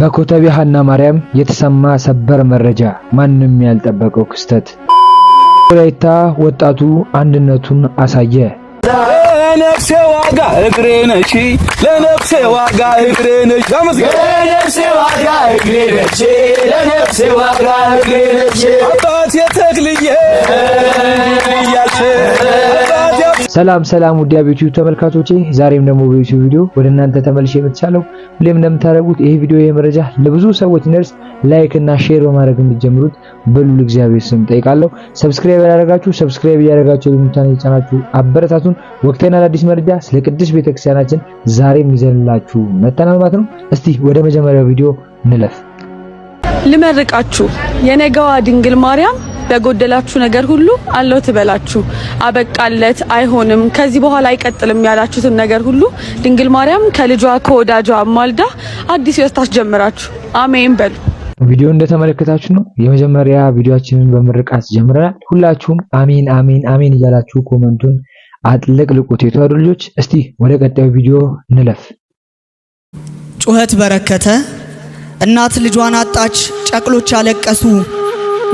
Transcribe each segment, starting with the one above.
በኮተቤ ሀና ማርያም የተሰማ ሰበር መረጃ፣ ማንም ያልጠበቀው ክስተት። ወላይታ ወጣቱ አንድነቱን አሳየ። ለነፍሴ ዋጋ እግሬ ነሽ፣ ለነፍሴ ዋጋ እግሬ ነሽ፣ ለነፍሴ ዋጋ እግሬ ነሽ ለነፍሴ ዋጋ እግሬ ለነፍሴ ዋጋ እግሬ ሰላም ሰላም ውድ ዩቲዩብ ተመልካቾቼ፣ ዛሬም ደግሞ በዩቲዩብ ቪዲዮ ወደ እናንተ ተመልሼ የምትቻለው ሁሌም እንደምታደርጉት ይህ ቪዲዮ የመረጃ ለብዙ ሰዎች ነርስ ላይክ እና ሼር በማድረግ እንድጀምሩት በሉል እግዚአብሔር ስም ጠይቃለሁ። ሰብስክራይብ ያደረጋችሁ ሰብስክራይብ እያደረጋችሁ ለምታኔ ቻናችሁ አበረታቱን። ወቅታዊና አዳዲስ መረጃ ስለ ቅድስት ቤተክርስቲያናችን ዛሬም ይዘንላችሁ መተናል ማለት ነው። እስቲ ወደ መጀመሪያው ቪዲዮ እንለፍ። ልመርቃችሁ የነገዋ ድንግል ማርያም ለጎደላችሁ ነገር ሁሉ አለው ትበላችሁ። አበቃለት፣ አይሆንም፣ ከዚህ በኋላ አይቀጥልም ያላችሁትን ነገር ሁሉ ድንግል ማርያም ከልጇ ከወዳጇ ማልዳ አዲስ ህይወት ታስጀምራችሁ። አሜን በሉ። ቪዲዮ እንደተመለከታችሁ ነው። የመጀመሪያ ቪዲዮአችንን በምርቃት ጀምረናል። ሁላችሁም አሜን አሜን አሜን እያላችሁ ኮመንቱን አጥለቅልቁት። የተዋሕዶ ልጆች እስቲ ወደ ቀጣዩ ቪዲዮ እንለፍ። ጩኸት በረከተ እናት ልጇን አጣች፣ ጨቅሎች አለቀሱ።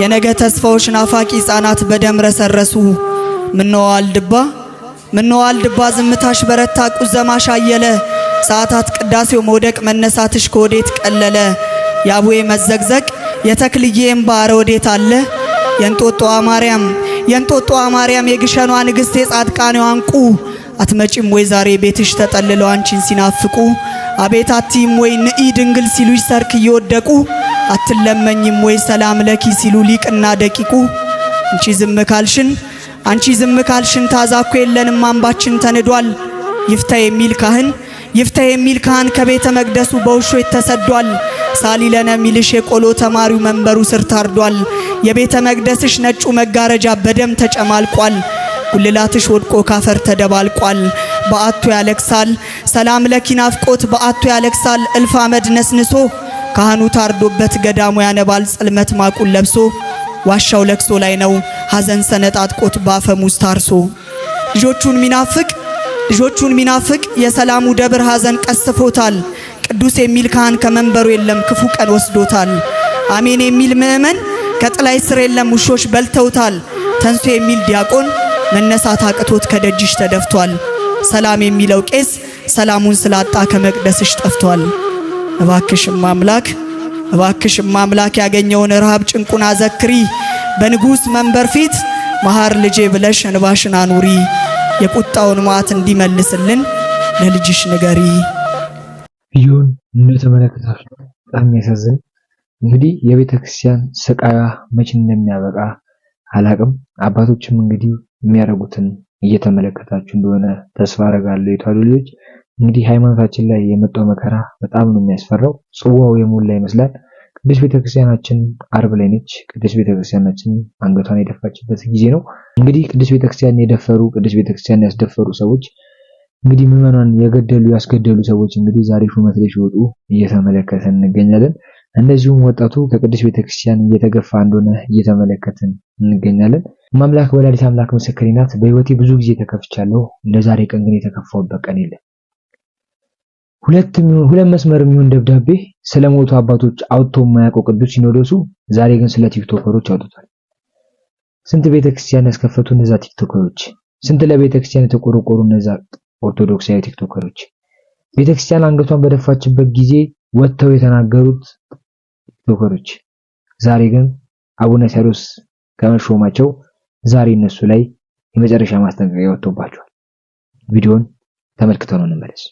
የነገ ተስፋዎች ናፋቂ ህፃናት በደም ረሰረሱ። ምነዋ አልድባ ምነዋ አልድባ ዝምታሽ በረታ ቁዘማሽ አየለ። ሰዓታት ቅዳሴው መውደቅ መነሳትሽ ከወዴት ቀለለ? የአቡዬ መዘግዘቅ የተክልዬ እምባ ኧረ ወዴት አለ? የእንጦጦዋ ማርያም የእንጦጦዋ ማርያም የግሸኗ ንግሥት የጻድቃኔዋ እንቁ አትመጪም ወይ ዛሬ ቤትሽ ተጠልለው አንቺን ሲናፍቁ አቤት አትይም ወይ ንኢ ድንግል ሲሉሽ ሰርክ እየወደቁ አትለመኝም ወይ ሰላም ለኪ ሲሉ ሊቅና ደቂቁ አንቺ ዝም ካልሽን አንቺ ዝም ካልሽን ታዛኮ የለንም አምባችን ተንዷል። ይፍታ የሚል ካህን ይፍታ የሚል ካህን ከቤተ መቅደሱ በውሾ ተሰዷል። ሳሊለነ ሚልሽ የቆሎ ተማሪው መንበሩ ስር ታርዷል። የቤተ መቅደስሽ ነጩ መጋረጃ በደም ተጨማልቋል። ጉልላትሽ ወድቆ ካፈር ተደባልቋል። በአቶ ያለቅሳል ሰላም ለኪ ናፍቆት በአቶ ያለቅሳል እልፍ አመድ ነስንሶ ካህኑ ታርዶበት ገዳሙ ያነባል። ጽልመት ማቁን ለብሶ ዋሻው ለቅሶ ላይ ነው። ሐዘን ሰነጣጥቆት ባፈሙዝ ታርሶ ልጆቹን ሚናፍቅ ልጆቹን ሚናፍቅ የሰላሙ ደብር ሐዘን ቀስፎታል። ቅዱስ የሚል ካህን ከመንበሩ የለም ክፉ ቀን ወስዶታል። አሜን የሚል ምእመን ከጥላይ ስር የለም ውሾች በልተውታል። ተንሶ የሚል ዲያቆን መነሳት አቅቶት ከደጅሽ ተደፍቷል። ሰላም የሚለው ቄስ ሰላሙን ስላጣ ከመቅደስሽ ጠፍቷል። እባክሽም አምላክ እባክሽም አምላክ ያገኘውን ረሃብ ጭንቁን አዘክሪ፣ በንጉሥ መንበር ፊት መሐር ልጄ ብለሽ እንባሽን አኑሪ፣ የቁጣውን መዓት እንዲመልስልን ለልጅሽ ንገሪ። ቪዲዮን እንደተመለከታችሁ በጣም ያሳዝን። እንግዲህ የቤተ ክርስቲያን ስቃያ መቼ እንደሚያበቃ አላቅም። አባቶችም እንግዲህ የሚያደርጉትን እየተመለከታችሁ እንደሆነ ተስፋ አረጋለሁ። የቷ ልጆች እንግዲህ ሃይማኖታችን ላይ የመጣው መከራ በጣም ነው የሚያስፈራው። ጽዋው የሞላ ይመስላል። ቅዱስ ቤተክርስቲያናችን አርብ ላይ ነች። ቅዱስ ቤተክርስቲያናችን አንገቷን የደፋችበት ጊዜ ነው። እንግዲህ ቅዱስ ቤተክርስቲያን የደፈሩ ቅዱስ ቤተክርስቲያን ያስደፈሩ ሰዎች እንግዲህ ምዕመናን የገደሉ ያስገደሉ ሰዎች እንግዲህ ዛሬ ሹመት ላይ ሲወጡ እየተመለከተን እንገኛለን። እንደዚሁም ወጣቱ ከቅዱስ ቤተክርስቲያን እየተገፋ እንደሆነ እየተመለከተን እንገኛለን። ማምላክ ወላዲት አምላክ ምስክሬ ናት። በህይወቴ ብዙ ጊዜ ተከፍቻለሁ። እንደዛሬ ቀን ግን የተከፋውበት ቀን የለም። ሁለት መስመር የሚሆን ደብዳቤ ስለ ሞቱ አባቶች አውጥቶ የማያውቀው ቅዱስ ሲኖዶሱ ዛሬ ግን ስለ ቲክቶከሮች አውጥቷል። ስንት ቤተክርስቲያን ያስከፈቱ እነዛ ቲክቶከሮች፣ ስንት ለቤተክርስቲያን የተቆረቆሩ እነዛ ኦርቶዶክሳዊ ቲክቶከሮች፣ ቤተክርስቲያን አንገቷን በደፋችበት ጊዜ ወጥተው የተናገሩት ቲክቶከሮች ዛሬ ግን አቡነ ሳዊሮስ ከመሾማቸው ዛሬ እነሱ ላይ የመጨረሻ ማስጠንቀቂያ ወጥቶባቸዋል። ቪዲዮን ነው እንመለስ።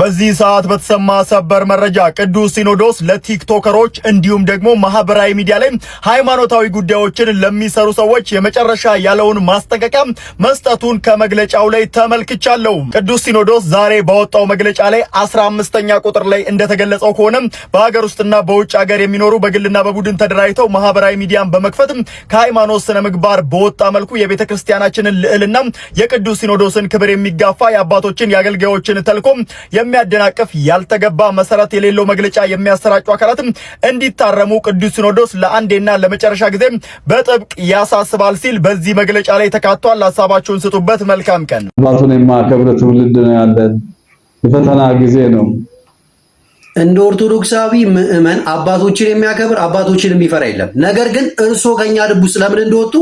በዚህ ሰዓት በተሰማ ሰበር መረጃ ቅዱስ ሲኖዶስ ለቲክቶከሮች እንዲሁም ደግሞ ማህበራዊ ሚዲያ ላይ ሃይማኖታዊ ጉዳዮችን ለሚሰሩ ሰዎች የመጨረሻ ያለውን ማስጠንቀቂያ መስጠቱን ከመግለጫው ላይ ተመልክቻለሁ። ቅዱስ ሲኖዶስ ዛሬ ባወጣው መግለጫ ላይ 15ኛ ቁጥር ላይ እንደተገለጸው ከሆነ በሀገር ውስጥና በውጭ ሀገር የሚኖሩ በግልና በቡድን ተደራጅተው ማህበራዊ ሚዲያን በመክፈት ከሃይማኖት ስነ ምግባር በወጣ መልኩ የቤተ ክርስቲያናችንን ልዕልና የቅዱስ ሲኖዶስን ክብር የሚጋፋ የአባቶችን የአገልጋዮችን ተልኮ ። የሚያደናቅፍ ያልተገባ መሰረት የሌለው መግለጫ የሚያሰራጩ አካላትም እንዲታረሙ ቅዱስ ሲኖዶስ ለአንዴና ለመጨረሻ ጊዜ በጥብቅ ያሳስባል ሲል በዚህ መግለጫ ላይ ተካቷል። ሀሳባቸውን ስጡበት። መልካም ቀን። አባቱን የማከብር ትውልድ ነው ያለን። የፈተና ጊዜ ነው። እንደ ኦርቶዶክሳዊ ምዕመን አባቶችን የሚያከብር አባቶችን የሚፈራ የለም። ነገር ግን እርሶ ከኛ ልቡ ስለምን እንደወጡ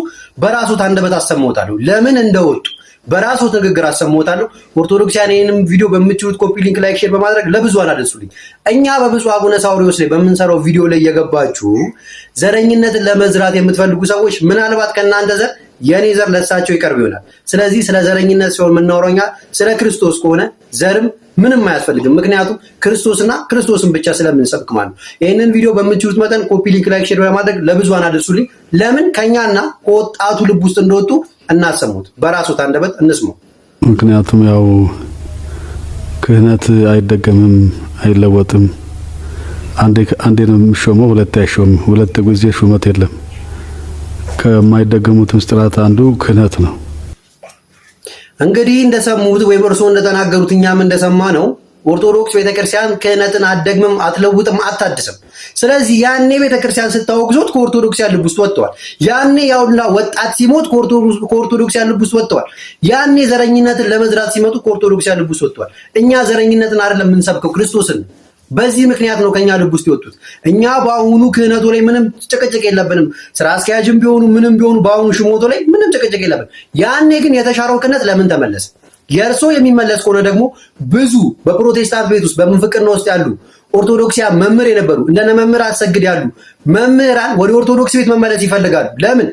በራሱ አንደበት አሰምተውታል። ለምን እንደወጡ በራሱ ንግግር አሰምታለሁ። ኦርቶዶክሳውያን ይህንም ቪዲዮ በምችሉት ኮፒ ሊንክ፣ ላይክ፣ ሼር በማድረግ ለብዙሃን አድርሱልኝ። እኛ በብፁዕ አቡነ ሳዊሮስ ላይ በምንሰራው ቪዲዮ ላይ የገባችሁ ዘረኝነትን ለመዝራት የምትፈልጉ ሰዎች ምናልባት ከእናንተ ዘር የእኔ ዘር ለእሳቸው ይቀርብ ይሆናል። ስለዚህ ስለ ዘረኝነት ሲሆን የምናወራው ስለ ክርስቶስ ከሆነ ዘርም ምንም አያስፈልግም። ምክንያቱም ክርስቶስና ክርስቶስን ብቻ ስለምንሰብክ ማለት ነው። ይህንን ቪዲዮ በምችሉት መጠን ኮፒ ሊንክ፣ ላይክ፣ ሼር በማድረግ ለብዙሃን አድርሱልኝ። ለምን ከእኛና ከወጣቱ ልብ ውስጥ እንደወጡ እናሰሙት፣ በራሱት አንደበት እንስሙ። ምክንያቱም ያው ክህነት አይደገምም፣ አይለወጥም። አንዴ ነው የሚሾመው፣ ሁለቴ አይሾምም። ሁለት ጊዜ ሹመት የለም። ከማይደገሙት ምስጢራት አንዱ ክህነት ነው። እንግዲህ እንደሰሙት ወይም እርስዎ እንደተናገሩት እኛም እንደሰማ ነው ኦርቶዶክስ ቤተክርስቲያን ክህነትን አደግምም አትለውጥም፣ አታድስም። ስለዚህ ያኔ ቤተክርስቲያን ስታወግዞት ከኦርቶዶክሲያን ልብ ውስጥ ወጥተዋል። ያኔ ያውላ ወጣት ሲሞት ከኦርቶዶክሲያን ልብ ውስጥ ወጥተዋል። ያኔ ዘረኝነትን ለመዝራት ሲመጡ ከኦርቶዶክሲያን ልብ ውስጥ ወጥተዋል። እኛ ዘረኝነትን አይደለም የምንሰብከው ክርስቶስን። በዚህ ምክንያት ነው ከኛ ልብ ውስጥ የወጡት። እኛ በአሁኑ ክህነቱ ላይ ምንም ጭቅጭቅ የለብንም። ስራ አስኪያጅም ቢሆኑ ምንም ቢሆኑ በአሁኑ ሽሞቶ ላይ ምንም ጭቅጭቅ የለብን። ያኔ ግን የተሻረው ክህነት ለምን ተመለሰ? የእርሶ የሚመለስ ከሆነ ደግሞ ብዙ በፕሮቴስታንት ቤት ውስጥ በምንፍቅና ውስጥ ያሉ ኦርቶዶክሲያን መምህር የነበሩ እንደነ መምህር አሰግድ ያሉ መምህራን ወደ ኦርቶዶክስ ቤት መመለስ ይፈልጋሉ። ለምን?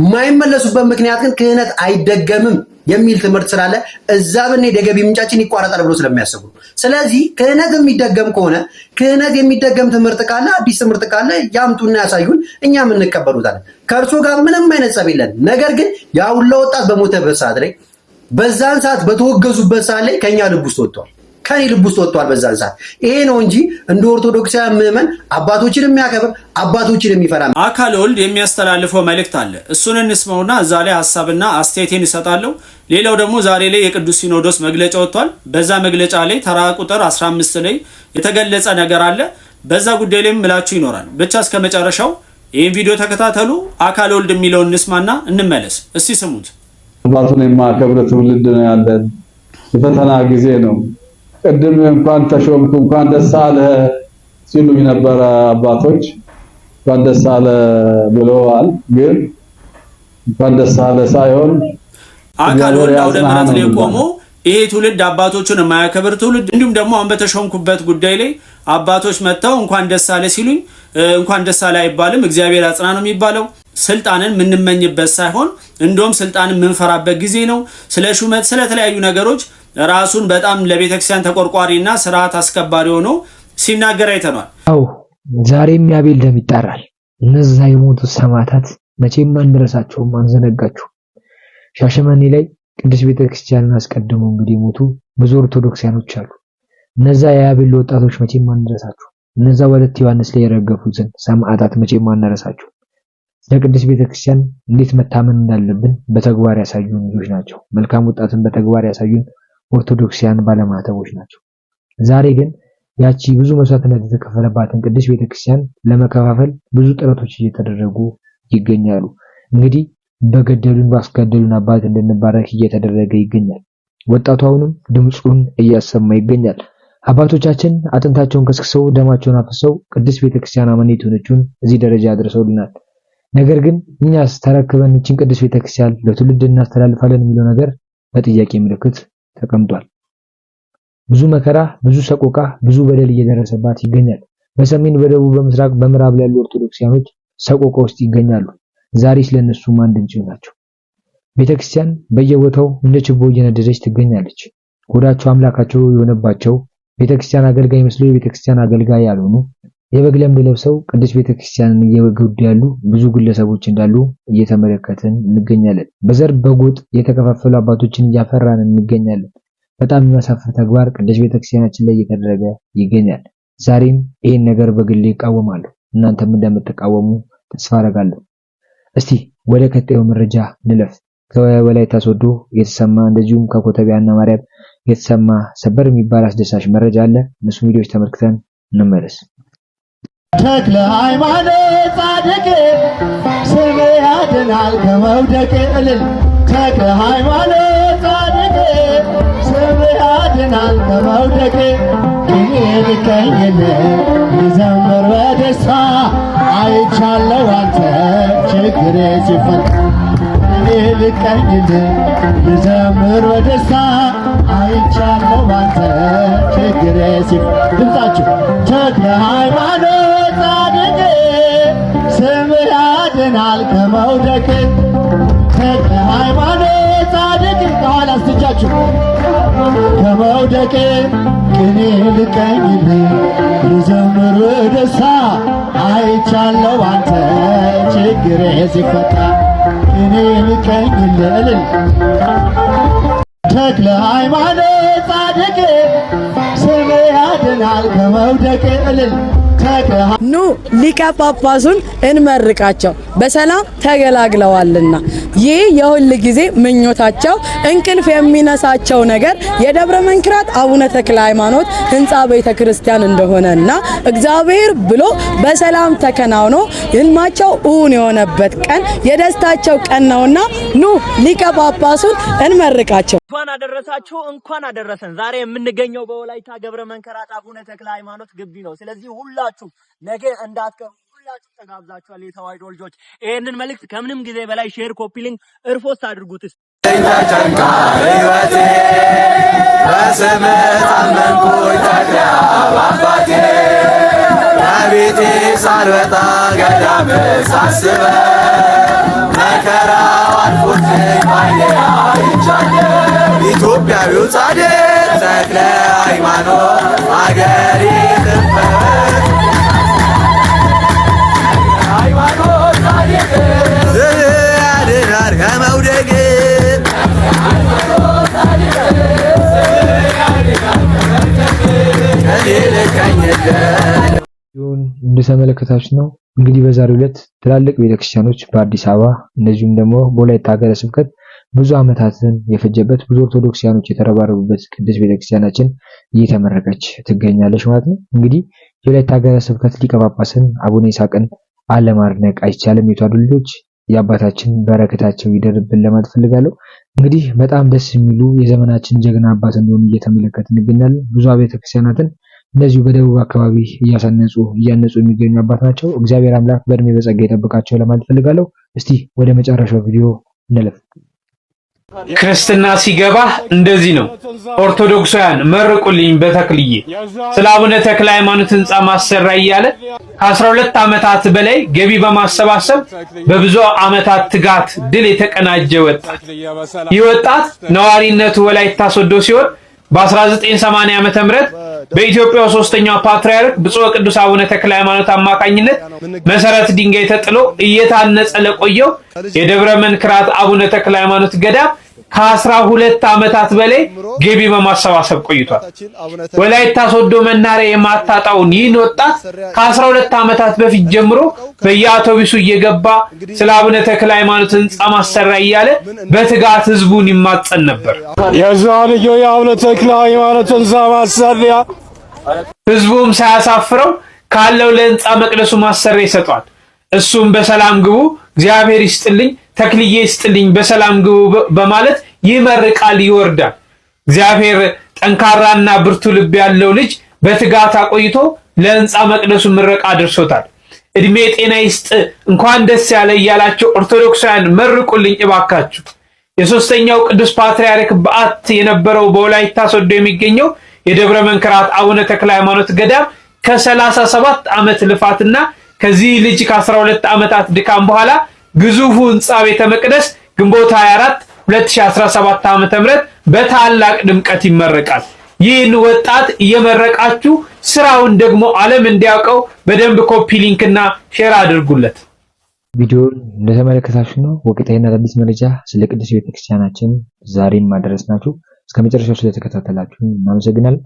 የማይመለሱበት ምክንያት ግን ክህነት አይደገምም የሚል ትምህርት ስላለ እዛ ብንሄድ የገቢ ምንጫችን ይቋረጣል ብሎ ስለሚያስቡ። ስለዚህ ክህነት የሚደገም ከሆነ ክህነት የሚደገም ትምህርት ካለ አዲስ ትምህርት ካለ ያምጡና ያሳዩን፣ እኛም እንቀበሉታለን። ከእርሶ ጋር ምንም አይነት ጸብ የለን። ነገር ግን የአሁላ ወጣት በሞተበት ሰዓት ላይ በዛን ሰዓት በተወገዙበት ሰዓት ላይ ከኛ ልብ ውስጥ ወጥቷል፣ ከኔ ልብ ውስጥ ወጥቷል። በዛን ሰዓት ይሄ ነው እንጂ እንደ ኦርቶዶክሳ ምዕመን አባቶችን የሚያከብር አባቶችን የሚፈራ አካል ወልድ የሚያስተላልፈው መልእክት አለ። እሱን እንስመውና እዛ ላይ ሀሳብና አስተያየቴን እሰጣለሁ። ሌላው ደግሞ ዛሬ ላይ የቅዱስ ሲኖዶስ መግለጫ ወጥቷል። በዛ መግለጫ ላይ ተራ ቁጥር 15 ላይ የተገለጸ ነገር አለ። በዛ ጉዳይ ላይ ምላችሁ ይኖራል። ብቻ እስከ መጨረሻው ይህን ቪዲዮ ተከታተሉ። አካል ወልድ የሚለውን እንስማና እንመለስ። እስቲ ስሙት። አባቱን የማከብር ትውልድ ነው ያለን። የፈተና ጊዜ ነው። ቅድም እንኳን ተሾምኩ እንኳን ደስ አለ ሲሉ ነበረ አባቶች እንኳን ደስ አለ ብለዋል። ግን እንኳን ደስ አለ ሳይሆን አካል ለምረት ላይ ቆሞ ይሄ ትውልድ አባቶቹን የማያከብር ትውልድ፣ እንዲሁም ደግሞ አሁን በተሾምኩበት ጉዳይ ላይ አባቶች መጥተው እንኳን ደስ አለ ሲሉኝ እንኳን ደስ አለ አይባልም፣ እግዚአብሔር አጽና ነው የሚባለው። ስልጣንን የምንመኝበት ሳይሆን እንደውም ስልጣንን የምንፈራበት ጊዜ ነው። ስለ ሹመት፣ ስለተለያዩ ነገሮች ራሱን በጣም ለቤተክርስቲያን ተቆርቋሪና ስርዓት አስከባሪ ሆኖ ሲናገር አይተኗል። አዎ ዛሬም ያቤል ደም ይጣራል። እነዛ የሞቱ ሰማዕታት መቼም አንረሳቸውም፣ አንዘነጋቸው። ሻሸመኔ ላይ ቅዱስ ቤተክርስቲያንን አስቀድመው እንግዲህ የሞቱ ብዙ ኦርቶዶክሲያኖች አሉ። እነዛ የያቤል ወጣቶች መቼም አንረሳቸው። እነዛ ወለት ዮሐንስ ላይ የረገፉትን ሰማዕታት መቼም አንረሳቸው። ለቅድስት ቤተክርስቲያን እንዴት መታመን እንዳለብን በተግባር ያሳዩን ልጆች ናቸው። መልካም ወጣትን በተግባር ያሳዩን ኦርቶዶክሲያን ባለማተቦች ናቸው። ዛሬ ግን ያቺ ብዙ መስዋዕትነት የተከፈለባትን ቅድስት ቤተክርስቲያን ለመከፋፈል ብዙ ጥረቶች እየተደረጉ ይገኛሉ። እንግዲህ በገደሉን ባስገደሉን አባት እንድንባረክ እየተደረገ ይገኛል። ወጣቱ አሁንም ድምፁን እያሰማ ይገኛል። አባቶቻችን አጥንታቸውን ከስክሰው ደማቸውን አፍሰው ቅድስት ቤተክርስቲያን አመኔት ሆነችን እዚህ ደረጃ አድርሰውልናል። ነገር ግን እኛስ ተረክበን ይችን ቅዱስ ቤተክርስቲያን ለትውልድ እናስተላልፋለን የሚለው ነገር በጥያቄ ምልክት ተቀምጧል። ብዙ መከራ፣ ብዙ ሰቆቃ፣ ብዙ በደል እየደረሰባት ይገኛል። በሰሜን፣ በደቡብ፣ በምስራቅ፣ በምዕራብ ላይ ያሉ ኦርቶዶክሲያኖች ሰቆቃ ውስጥ ይገኛሉ። ዛሬስ ለነሱ ማን ድምፅ ናቸው? ቤተክርስቲያን በየቦታው እንደ ችቦ እየነደደች ትገኛለች። ሆዳቸው አምላካቸው የሆነባቸው ቤተክርስቲያን አገልጋይ መስሎ የቤተክርስቲያን አገልጋይ ያልሆኑ የበግ ለምድ ለብሰው ቅዱስ ቤተክርስቲያንን እየጎዱ ያሉ ብዙ ግለሰቦች እንዳሉ እየተመለከትን እንገኛለን። በዘር በጎጥ የተከፋፈሉ አባቶችን እያፈራን እንገኛለን። በጣም የሚያሳፍር ተግባር ቅዱስ ቤተክርስቲያናችን ላይ እየተደረገ ይገኛል። ዛሬም ይህን ነገር በግሌ ይቃወማለሁ። እናንተም እንደምትቃወሙ ተስፋ አደርጋለሁ። እስቲ ወደ ቀጣዩ መረጃ ንለፍ። ከወላይታ ሶዶ የተሰማ እንደዚሁም ከኮተቤ ማርያም የተሰማ ሰበር የሚባል አስደሳች መረጃ አለ። እነሱ ቪዲዮዎች ተመልክተን እንመለስ። ተክለ ሃይማኖት ጻድቅ ስም ያድናል ከመውደቅ እልል ተክለ ሃይማኖት ጻድቅ ስም ያድናል ከመውደቅ ቅኔን ቀኝል ልዘምር በደስታ አይቻለው አንተ ችግሬ ሲፈታ ቅኔን ቀኝል ልዘምር በደስታ አይቻለው አንተ ችግሬ ሲፈታ ድምፃችሁ ተክለ ሃይማኖት ጻድቅ ስምህ ያድናል ከመውደቅ ተክለ ሃይማኖት ጻድቅ ከኋላ አስቻችሁ ከመውደቅ ቅኔ ልቀኝልህ ልዘምር ደስታ አይቻለው አንተ ችግሬ ሲፈታ ቅኔ ልቀኝልህ ተክለ ሃይማኖት ጻድቅ ያድናል ከመውደቅ እልል ኑ ሊቀ ጳጳሱን እንመርቃቸው፣ በሰላም ተገላግለዋልና። ይህ የሁል ጊዜ ምኞታቸው እንቅልፍ የሚነሳቸው ነገር የደብረ መንክራት አቡነ ተክለ ሃይማኖት ሕንፃ ቤተ ክርስቲያን እንደሆነና እግዚአብሔር ብሎ በሰላም ተከናውኖ ህልማቸው እውን የሆነበት ቀን የደስታቸው ቀን ነውና ኑ ሊቀ ጳጳሱን እንመርቃቸው። እንኳን አደረሳችሁ፣ እንኳን አደረሰን። ዛሬ የምንገኘው በወላይታ ገብረ መንከራጫ አቡነ ተክለ ሃይማኖት ግቢ ነው። ስለዚህ ሁላችሁ ነገ እንዳትቀሩ ሁላችሁ ተጋብዛችኋል። የተዋሕዶ ልጆች ይህንን መልእክት ከምንም ጊዜ በላይ ሼር፣ ኮፒ ሊንክ እርፎስ አድርጉት። ቤቴ ሳልበጣ ገዳም ሳስበ መከራው አልፎልኝ ባይኔ አይቻለሁ። ኢትዮጵያዊው ጻድቅ ተክለ ሃይማኖት አገሬ ትፈወስ ሃይማኖት ጻድቅ የተመለከታችሁ ነው። እንግዲህ በዛሬው ዕለት ትላልቅ ቤተክርስቲያኖች በአዲስ አበባ እንደዚሁም ደግሞ በወላይታ ሀገረ ስብከት ብዙ ዓመታትን የፈጀበት ብዙ ኦርቶዶክሲያኖች የተረባረቡበት ቅድስት ቤተክርስቲያናችን እየተመረቀች ትገኛለች ማለት ነው። እንግዲህ የወላይታ ሀገረ ስብከት ሊቀ ጳጳስን አቡነ ይስሐቅን አለማድነቅ አይቻልም። የተዋሕዶ ልጆች የአባታችን በረከታቸው ይደርብን ለማለት ፈልጋለሁ። እንግዲህ በጣም ደስ የሚሉ የዘመናችን ጀግና አባት እንደሆኑ እየተመለከት እንገኛለን። ብዙ ቤተክርስቲያናትን እነዚሁ በደቡብ አካባቢ እያሳነጹ እያነጹ የሚገኙ አባት ናቸው። እግዚአብሔር አምላክ በእድሜ በጸጋ ይጠብቃቸው ለማለት ፈልጋለሁ። እስቲ ወደ መጨረሻው ቪዲዮ እንለፍ። ክርስትና ሲገባ እንደዚህ ነው። ኦርቶዶክሳውያን መርቁልኝ በተክልዬ ስለ አቡነ ተክለ ሃይማኖት ህንፃ ማሰራ እያለ ከ12 ዓመታት በላይ ገቢ በማሰባሰብ በብዙ ዓመታት ትጋት ድል የተቀናጀ ወጣት ይህ ወጣት ነዋሪነቱ ወላይታ ሶዶ ሲሆን በ1980 ዓ ም በኢትዮጵያ ሶስተኛው ፓትርያርክ ብፁዕ ቅዱስ አቡነ ተክለ ሃይማኖት አማካኝነት መሰረት ድንጋይ ተጥሎ እየታነጸ ለቆየው የደብረ መንክራት አቡነ ተክለ ሃይማኖት ገዳም ከአስራ ሁለት ዓመታት በላይ ገቢ በማሰባሰብ ቆይቷል። ወላይታ ሶዶ መናሪያ የማታጣውን ይህን ወጣት ከአስራ ሁለት ዓመታት በፊት ጀምሮ በየአውቶቢሱ እየገባ ስለ አቡነ ተክለ ሃይማኖት ህንፃ ማሰሪያ እያለ በትጋት ህዝቡን ይማጸን ነበር። የዛ የአቡነ ተክለ ሃይማኖት ህንፃ ማሰሪያ ህዝቡም ሳያሳፍረው ካለው ለህንፃ መቅደሱ ማሰሪያ ይሰጧል። እሱም በሰላም ግቡ፣ እግዚአብሔር ይስጥልኝ ተክልዬ ይስጥልኝ በሰላም ግቡ በማለት ይመርቃል፣ ይወርዳል። እግዚአብሔር ጠንካራና ብርቱ ልብ ያለው ልጅ በትጋት አቆይቶ ለሕንፃ መቅደሱ ምረቃ አድርሶታል። እድሜ ጤና ይስጥ እንኳን ደስ ያለ እያላቸው ኦርቶዶክሳውያን መርቁልኝ እባካችሁ። የሶስተኛው ቅዱስ ፓትርያርክ በዓት የነበረው በወላይታ ሶዶ የሚገኘው የደብረ መንክራት አቡነ ተክለ ሃይማኖት ገዳም ከሰላሳ ሰባት ዓመት ልፋትና ከዚህ ልጅ ከአስራ ሁለት ዓመታት ድካም በኋላ ግዙፉ ህንፃ ቤተ መቅደስ ግንቦት 24 2017 ዓ.ም በታላቅ ድምቀት ይመረቃል። ይህን ወጣት እየመረቃችሁ ስራውን ደግሞ ዓለም እንዲያውቀው በደንብ ኮፒ ሊንክና ሼር አድርጉለት። ቪዲዮን እንደተመለከታችሁ ነው ወቅታዊና አዳዲስ መረጃ ስለ ቅዱስ ቤተክርስቲያናችን ዛሬም ማድረስ ናችሁ። እስከ መጨረሻው ስለተከታተላችሁ እናመሰግናል።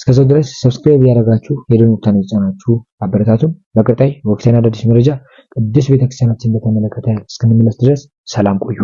እስከዛው ድረስ ሰብስክራይብ ያደረጋችሁ ሄደን የጫናችሁ አበረታቱን። በቀጣይ ወቅታዊና አዳዲስ መረጃ ቅዱስ ቤተክርስቲያናችን በተመለከተ እስክንመለስ ድረስ ሰላም ቆዩ።